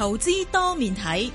投資多面睇。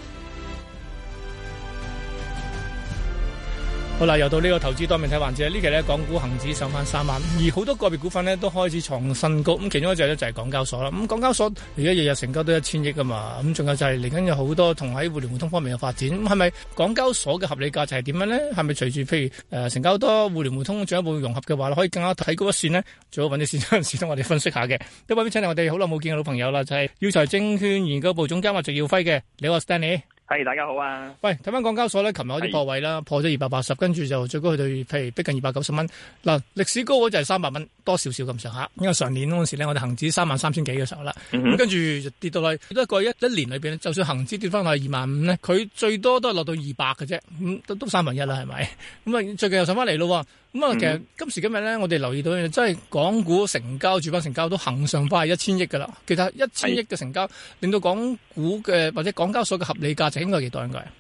好啦，又到呢個投資多面睇環節呢期咧，港股恒指上翻三萬，而好多個別股份咧都開始創新高。咁其中一隻咧就係港交所啦。咁港交所而家日日成交都一千億噶嘛。咁仲有就係嚟緊有好多同喺互聯互通方面嘅發展。咁係咪港交所嘅合理價值係點樣咧？係咪隨住譬如誒、呃、成交多互聯互通進一步融合嘅話，可以更加睇高一線咧？最好搵啲時鐘時同我哋分析下嘅。一邊請你我哋好耐冇見嘅老朋友啦，就係、是、耀才證券研究部總監植耀輝嘅，你好，Stanley。St 係，hey，大家好啊！喂，睇翻港交所咧，琴日有啲破位啦，是破咗二百八十，跟住就最高去到，譬如逼近二百九十蚊。嗱，歷史高嗰就係三百蚊，多少少咁上下。因為上年嗰陣時咧，我哋恒指三萬三千幾嘅時候啦，跟住、嗯嗯、跌到去。都過去一一年裏邊就算恒指跌翻落去二萬五咧，佢最多都係落到二百嘅啫，咁、嗯、都都三分一啦，係咪？咁啊，最近又上翻嚟咯。咁啊、嗯，嗯、其實今時今日咧，我哋留意到真係港股成交主板成交都恒常快一千億噶啦。其實一千億嘅成交是令到港股嘅或者港交所嘅合理價。整個應該幾多？應該。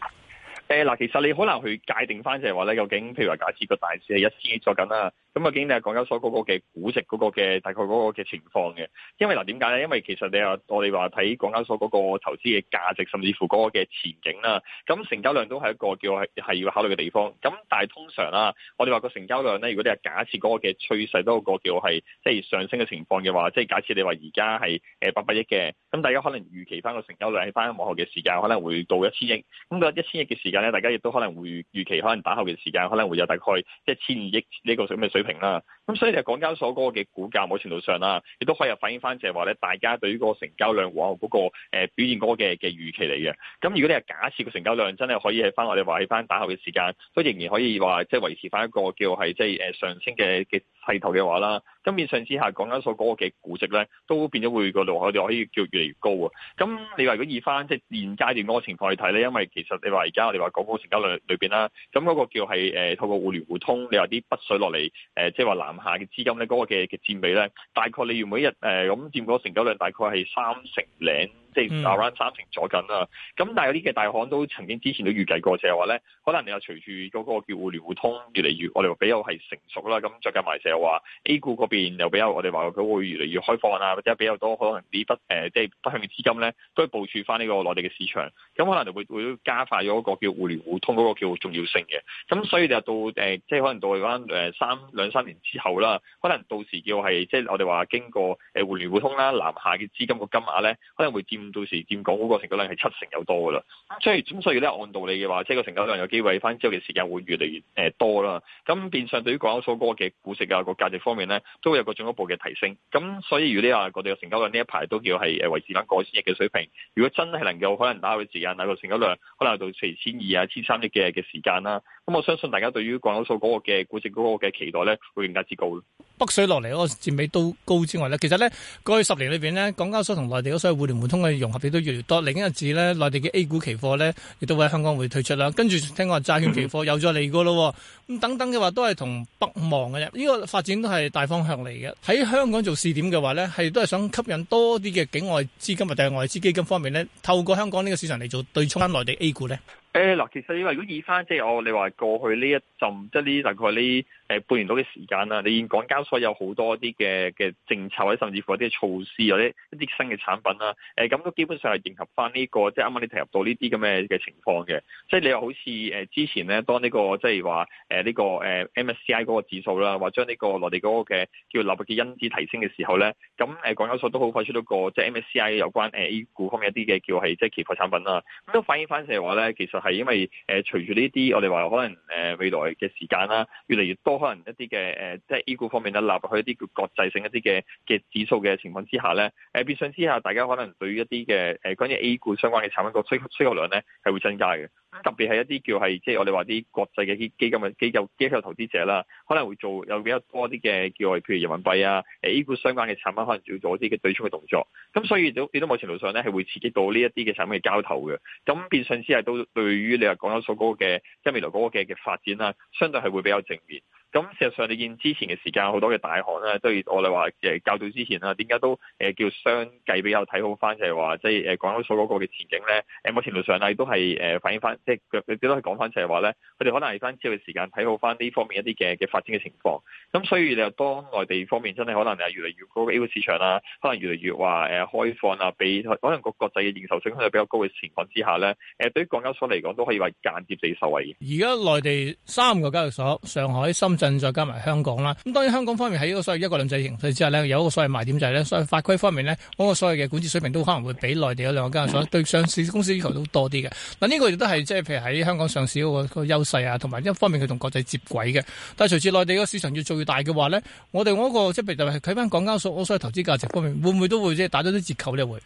誒嗱，其實你好難去界定翻就係話咧，究竟譬如話假設個大市係一千億做緊啦，咁啊，究竟你係港交所嗰個嘅估值，嗰個嘅大概嗰個嘅情況嘅。因為嗱，點解咧？因為其實你話我哋話睇港交所嗰個投資嘅價值，甚至乎嗰個嘅前景啦，咁成交量都係一個叫我係係要考慮嘅地方。咁但係通常啦，啊，我哋話個成交量咧，如果你係假設嗰個嘅趨勢都係個叫我係即係上升嘅情況嘅話，即、就、係、是、假設你話而家係誒八百億嘅，咁大家可能預期翻個成交量喺翻往後嘅時間可能會到一千億。咁一千億嘅時大家亦都可能會預期，可能打後嘅時間可能會有大概即係千二億呢個咁嘅水平啦。咁所以就港交所嗰個嘅估價，某程度上啦，亦都可以反映翻，就係話咧，大家對於呢個成交量喎嗰個表現嗰個嘅嘅預期嚟嘅。咁如果你係假設個成交量真係可以係翻我哋話係翻打後嘅時間，都仍然可以話即係維持翻一個叫係即係誒上升嘅嘅勢頭嘅話啦。咁變相之下，港交所嗰個嘅估值咧，都變咗會個度，我哋可以叫越嚟越高啊。咁你話如果以翻即係現階段嗰個情況去睇咧，因為其實你話而家我哋話，港股成交量裏邊啦，咁嗰個叫係誒透過互聯互通，你話啲北水落嚟誒，即係話南下嘅資金咧，嗰、嗰個嘅嘅佔比咧，大概你每日誒咁、呃、佔嗰個成交量大概係三成零。嗯、即係 around 三成左右啦，咁但係有啲嘅大行都曾經之前都預計過，就係話咧，可能你又隨住嗰個叫互聯互通越嚟越，我哋話比較係成熟啦。咁再加埋就係話 A 股嗰邊又比較，我哋話佢會越嚟越開放啊，或者比較多可能啲北誒，即係北向嘅資金咧，都係部署翻呢個內地嘅市場。咁可能就會會加快咗一個叫互聯互通嗰個叫重要性嘅。咁所以就到誒、呃，即係可能到翻誒三兩三年之後啦，可能到時叫、就、係、是、即係我哋話經過誒互聯互通啦，南下嘅資金個金額咧，可能會佔。到時佔港嗰個成交量係七成有多噶啦，即係咁，所以咧按道理嘅話，即係個成交量有機會翻之後嘅時間會越嚟越誒多啦。咁變相對於港交所個嘅估值啊、個價值方面咧，都會有一個進一步嘅提升。咁所以如啲啊，我哋嘅成交量呢一排都叫係誒維持翻過千億嘅水平。如果真係能夠可能打開時間，打個成交量可能到四千二啊、千三億嘅嘅時間啦。咁、嗯、我相信大家對於港交所嗰個嘅估值嗰個嘅期待咧，會更加之高咯。北水落嚟嗰個佔比都高之外咧，其實咧過去十年裏面咧，港交所同內地嗰所以互聯互通嘅融合亦都越嚟越多。嚟緊日子咧，內地嘅 A 股期貨咧，亦都會喺香港會推出啦。跟住聽講債券期貨又再嚟過咯，咁等等嘅話都係同北望嘅啫。呢、呢個發展都係大方向嚟嘅。喺香港做試點嘅話咧，係都係想吸引多啲嘅境外資金或者外資基金方面咧，透過香港呢個市場嚟做對沖返內地 A 股咧。誒嗱、欸，其實你話如果以翻即係我，你話過去呢一陣，即係呢大概呢。誒半年到嘅時間啦，你見港交所有好多啲嘅嘅政策甚至乎一啲措施或者一啲新嘅產品啦，咁都基本上係迎合翻、這、呢個，即係啱啱你提及到呢啲咁嘅嘅情況嘅，即、就、係、是、你話好似誒之前咧，當呢、這個即係話誒呢個 MSCI 嗰個指數啦，或將呢個內地嗰個嘅叫納入嘅因子提升嘅時候咧，咁誒港交所都好快出到個即係、就是、MSCI 有關誒 A 股方面一啲嘅叫係即係期貨產品啦，都反映翻嚟話咧，其實係因為誒隨住呢啲我哋話可能誒未來嘅時間啦，越嚟越多。可能一啲嘅誒，即係 A 股方面咧納入去一啲國際性一啲嘅嘅指數嘅情況之下咧，誒變相之下，大家可能對於一啲嘅誒關於 A 股相關嘅產品個需需求量咧係會增加嘅。特別係一啲叫係即係我哋話啲國際嘅基基金嘅機構、機構投資者啦，可能會做有比較多啲嘅叫係譬如人民幣啊、誒 A 股相關嘅產品，可能要做一啲嘅對沖嘅動作。咁所以都亦都某程度上咧係會刺激到呢一啲嘅產品嘅交投嘅。咁變相之下都對於你話港交所嗰個嘅即係未來嗰個嘅嘅發展啦，相對係會比較正面。咁事實上你見之前嘅時間好多嘅大行咧，都係我哋話誒較早之前啦，點解都誒叫相繼比較睇好翻，就係話即係誒港交所嗰個嘅前景咧，誒某程度上咧都係誒反映翻。即係佢，佢只係講翻就係話咧，佢哋可能係翻朝嘅時間睇好翻呢方面一啲嘅嘅發展嘅情況。咁所以你又當內地方面真係可能係越嚟越高嘅 A 股市場啦、啊，可能越嚟越話誒開放啊，比可能個國際嘅認受性相對比較高嘅情況之下咧，對於港交所嚟講都可以話間接地受惠。而家內地三個交易所，上海、深圳再加埋香港啦。咁當然香港方面喺呢個所謂一國兩制形式之下咧，有一個所謂賣點就係咧，所以法規方面咧，嗰、嗰個所謂嘅管制水平都可能會比內地嗰兩個交易所 對上市公司要求都多啲嘅。嗱呢個亦都係即即係譬如喺香港上市嗰個個優勢啊，同埋一方面佢同國際接軌嘅。但係隨住內地個市場越做越大嘅話咧，我哋嗰、那個即係譬如佢翻港交所，我所謂投資價值方面會唔會都會即係打咗啲折扣咧會？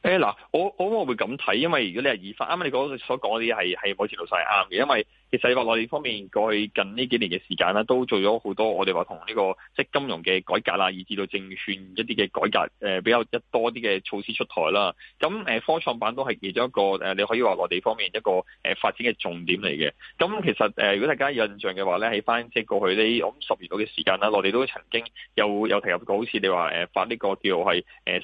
誒嗱、欸，我我會咁睇，因為如果你係以發啱啱你講所講嗰啲係係冇似老細啱嘅，因為。其實你話內地方面過去近呢幾年嘅時間咧，都做咗好多，我哋話同呢個即係金融嘅改革啦，以至到證券一啲嘅改革，比較多一多啲嘅措施出台啦。咁科創板都係其中一個你可以話內地方面一個誒發展嘅重點嚟嘅。咁其實如果大家有印象嘅話咧，喺翻即係過去呢，我諗十月度嘅時間啦，內地都曾經有有提及過，好似你話誒發呢個叫係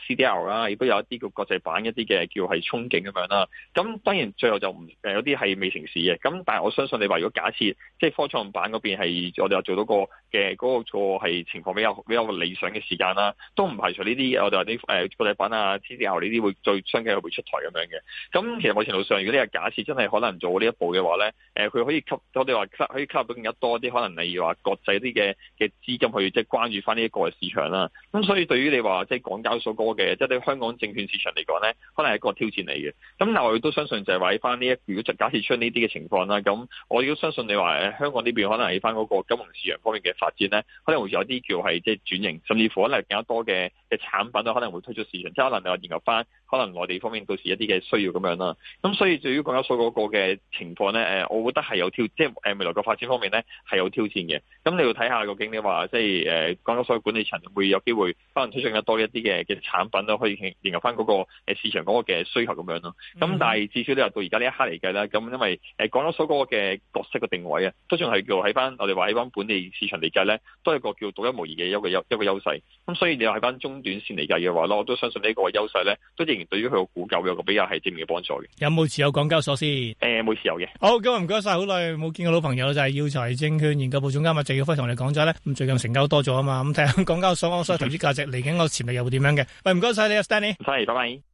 CDL 啦，亦都有一啲叫國際版一啲嘅叫係憧憬咁樣啦。咁當然最後就唔有啲係未成市嘅。咁但係我相信。你話如果假設，即係科創板嗰邊係我哋話做到個嘅嗰個錯係情況比較比較理想嘅時間啦，都唔排除呢啲我哋話啲誒國際板啊、天時牛呢啲會再相繼會出台咁樣嘅。咁其實某程度上，如果你係假設真係可能做呢一步嘅話咧，誒佢可以吸我哋話可以吸到更加多啲可能你話國際啲嘅嘅資金去即係關注翻呢一個嘅市場啦。咁所以對於你話即係港交所嗰個嘅，即係對香港證券市場嚟講咧，可能係一個挑戰嚟嘅。咁但我亦都相信就係話翻呢一，如果假設出呢啲嘅情況啦，咁。我亦都相信你話，香港呢邊可能喺翻嗰個金融市場方面嘅發展咧，可能會有啲叫係即係轉型，甚至乎可能係更加多嘅嘅產品都可能會推出市場。即係可能你話研究翻。可能內地方面到時一啲嘅需要咁樣啦，咁所以至於港交所嗰個嘅情況咧，誒，我覺得係有挑，即係誒未來嘅發展方面咧係有挑戰嘅。咁你要睇下個經理話，即係誒港交所嘅管理層會有機會，可能推出更多一啲嘅嘅產品咯，可以迎合翻嗰個市場嗰個嘅需求咁樣咯。咁但係至少今日到而家呢一刻嚟計咧，咁因為誒港交所嗰個嘅角色嘅定位啊，都仲係叫喺翻我哋話喺翻本地市場嚟計咧，都係個叫做獨一無二嘅一個優一個優勢。咁所以你話喺翻中短線嚟計嘅話咧，我都相信呢個優勢咧都仍對於佢個股價有個比較係正面嘅幫助嘅。有冇持有港交所先？誒、欸，冇持有嘅。好、oh，今日唔該晒，好耐冇見過老朋友就係、是、耀才證券研究部總監植耀輝同你講咗咧。咁最近成交多咗啊嘛，咁睇下港交所所有投資價值嚟緊個潛力又會點樣嘅？喂，唔該晒你，Stanley 啊。係，拜拜。